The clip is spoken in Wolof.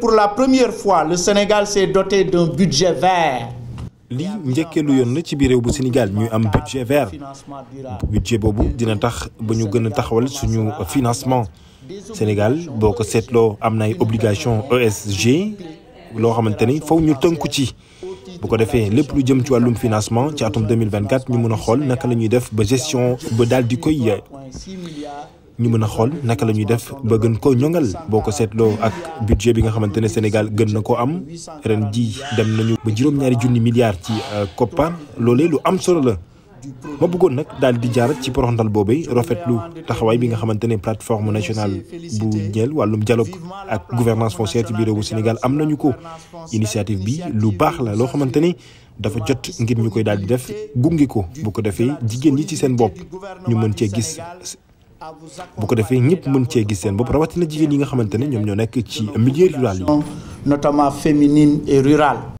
Pour la première fois, le Sénégal s'est doté d'un budget vert. li njëkkeelu yoon ci biir réew bu Sénégal ñuy am budget vert budget boobu dina tax ba ñu gën a taxawal suñu financement Sénégal boo ko seetloo am na ay obligation ESG loo xamante ni faw ñu tënku ci bu ko defee lépp lu jëm ci wàllum financement ci atum 2024 ñu mën a xool naka la ñuy def ba gestion ba daal di koy ñu mën a xool naka la ñuy def ba gën koo ñongal boo ko seetloo ak budget bi nga xamante ne Sénégal gën na koo am ren ji dem nañu ba juróom-ñaari junni milliards ci koppar euh, loolee lu am solo la ma bëggoon nag daal di jaar ci poroxndal boobee rafetlu taxawaay bi nga xamante ne plateforme nationale bu ñeel wàllum dialogue ak gouvernance foncière ci biir réewu Sénégal am nañu ko initiative bi lu baax la loo xamante ne dafa jot ngir ñu koy daal di def gunge ko bu ko defee jigéen ñi ci seen bopp ñu gis bu ko defee ñëpp mën cee gis seen bopp rawatina jigéen yi nga xamante ne ñoom ñoo nekk ci milieu rural yi. notamment féminine et rurale.